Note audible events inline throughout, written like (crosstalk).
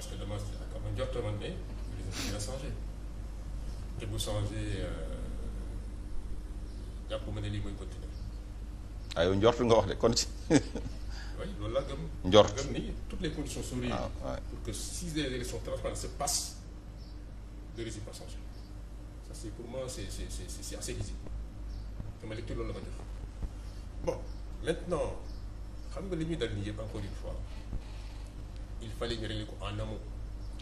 parce que dama dama njortoon ne président dina changé te bu changé jàpp euh, ma ne lii mooy continuer. ah njort nga wax de kon ci. oui loolu laa gëm. njort gëm toutes les conditions sont réunies. Ah, ouais. pour que si les élections transparentes se passent le régime va changer ça c'est pour moi c'est c'est c'est c'est assez lisible sama loolu la ma def bon maintenant xam nga li ñuy dal nii yëpp encore une fois. il fallait ko en amont.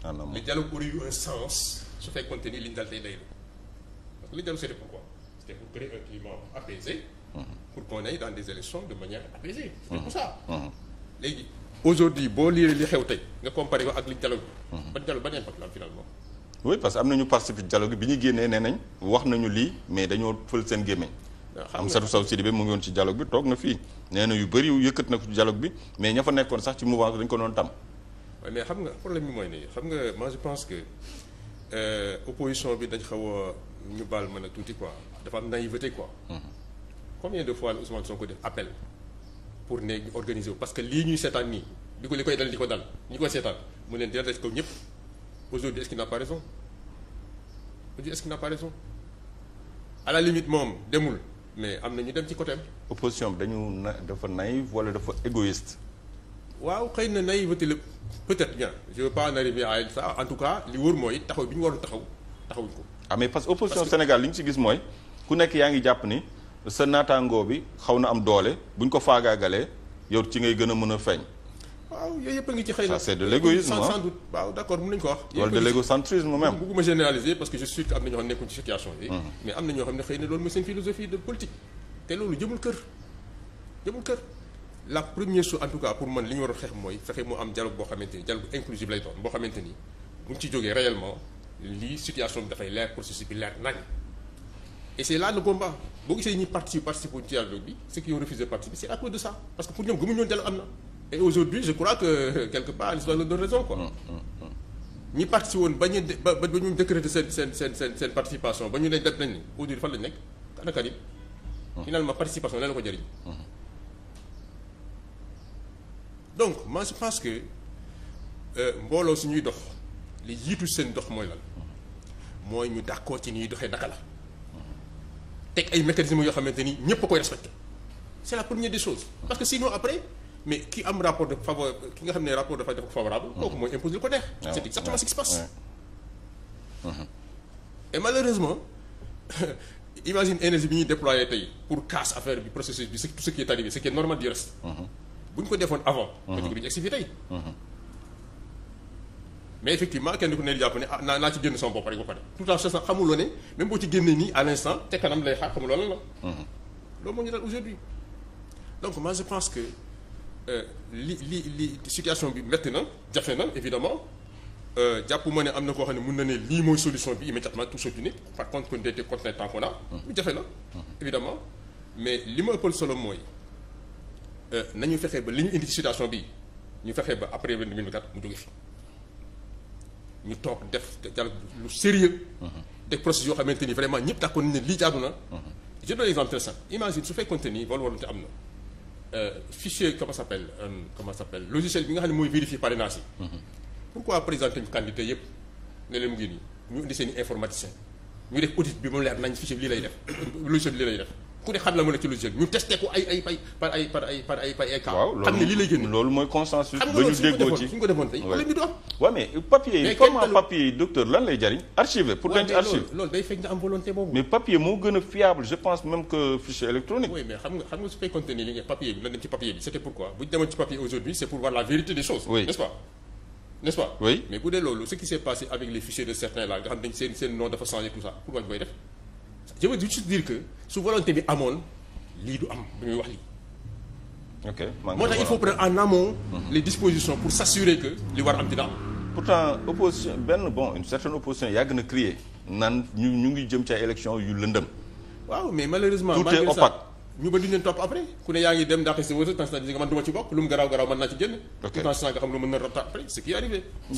en amont le dialogue aurait eu su fekkoon te ni dal tey day parce que le dialogue c'était pourquoi c'était pour créer mhm. de manière apaisée. c'est mhm. pour ça. Mhm. léegi aujourd'hui boo liiree li xew tey nga comparé ko ak li dialogue bi. ban dialogue ban finalement. oui parce que am nañu participé dialogue bi ñu génnee nee nañ wax nañu lii mais dañoo fël seen gémmiñ. Ah, am satu saw Sidibé mu ngi woon ci dialogue bi toog na fii nee yu bëri yëkkat na ko ci dialogue bi mais ña fa nekkoon sax ci mouvement dañ ko doon tam waaye mais xam nga problème yi mooy nii xam nga moi je pense que euh, opposition bi dañ xaw a ñu bal mën a tuuti quoi dafa am naïveté quoi. Mm-hmm. combien de fois la soo ko def appel pour ne ñu organiser parce que lii ñuy seetaan nii di ko li koy dal di ko dal ñi koy seetaan mu leen dina des ko ñëpp aujourd'hui est-ce qu'il n'a pas raison aujourd'hui n'a pas raison la limite moom demul mais am na ñu dem ci côté opposition bi dañu na dafa naïve wala dafa égoïste. waaw xëy na naïveté lépp. peut-être bien je veux pas en arriver à tout cas li wóor mooy taxaw bi ñu waroon taxaw taxawuñ ko. ah mais parce que opposition Sénégal li ñu ci gis mooy ku nekk yaa ngi jàpp ni sa naataangoo bi xaw na am doole bu ñu ko faagaagalee yow ci ngay gën a mën a feeñ. waaw yooyu yëpp a ngi ci xëy na ça c'est de l'égoïsme sans doute waaw d'accord mën nañu ko wax. wala de l'égocentrisme même. bëgguma généraliser parce que je suis am na ñoo xam ne nekkuñ ci situation yi. Mm-hmm. mais am na ñoo xam ne xëy na loolu mooy la première chose en tout cas pour man li ñu war a xeex mooy fexe mu am dialogue boo xamante ni dialogue inclusive lay doon boo xamante ni bu ñu ci jógee réellement lii situation bi dafay leer processus bi leer nañ boo gisee ñi participe participe ci dialogue bi ceux qui ont refusé de participer c'est à (laughs) mm, mm, mm. woon ba ñu ba ba ñu décréter seen seen seen seen seen participation ba ñu ne def lañ nekk ana Karim finalement participation lan la ko jëriñ donc moi je pense que euh, mbooloo si ñuy dox li jiitu seen dox mooy lan mooy ñu d'accord ci ñuy doxee naka la teg ay mécanismes yoo xamante ni ñëpp a koy respecté c'est la première des choses parce que sinon après mais ki am rapport de faveur ki nga xam ne rapport de faveur dafa favorable. kooku mooy imposer lu ko neex. c'est exactement ce qui se et malheureusement (laughs) imagine énergie bi ñuy déployer tey pour casse affaire bi processus bi ce qui est ce qui est normal du bu ñu ko defoon avant. politique bi ñu egsi fii tey. Mhm. mais effectivement kenn ku ne jàpp ne ah naa naa ci génn sama bopp rek ba pare tout en sachant xamuloo ne même boo ci génnee nii à l'instant te kanam lay xaar xamuloo lan la. Mhm. loolu moo ñu daal aujourd'hui donc ma je pense que euh, li li li situation bi métti na jafe na évidemment euh, jàpp ma ne am na koo xam ne mun na ne lii mooy solution bi immédiatement tout sautu par contre kon déedéet continuer tant qu'on jafe na mhm. évidemment mais li ma ëppal solo mooy. Euh, nañu fexe ba li ñu indi ci situation bi ñu fexe ba après 2024 mu jóge fi ñu toog def dialogue lu sérieux def mm-hmm. processus yoo xamante ni vraiment ñëpp d'accord ni ne lii jaadu na mm-hmm. je donne exemple très simple imagine su fekkoonte ni vol volonté am na euh, fichier comment s'appelle euh, comment s'appelle logiciel bi nga xam ne mooy vérifier parrainage yi mm-hmm. pourquoi présenter candidat yëpp ne leen mu ngi nii ñu indi seen i informaticien ñu def audit bi moom leer nañ fichier bi lii lay def logiciel bi lay def ku loolu mooy consensus. ba ñu déggoo ci suñ ko mais papier comment papier yi lan lay jariñ archive pour denc archive loolu mais papier moo gën a fiable je pense même que fichier électronique. oui mais xam nga xam nga su fekkoon ne li nga papier bi dem ci papier bi pourquoi bu ñu ci papier aujourd'hui c'est pour voir la vérité des choses. oui pas. nest pas oui mais bu dee loolu ce qui s'est passé avec les fichiers de certains là nga xam su volonté bi amoon lii du am du ñuy wax lii. ok moo tax il faut prendre en amont. Mhm. les dispositions pour s'assurer que li war am dina am. pourtant opposition benn bon une certaine opposition yàgg na crier naan ñu ñu ngi jëm ci ay élections yu lëndëm. waaw mais malheureusement. tout est ñu ba duñ leen topp après ku ne yaa ngi dem ndax si wërsëg tant que man du ma ci bokk lu mu garaaw garaaw mën naa ci génn. ok tout en sachant que xam lu mën na rota après ce qui est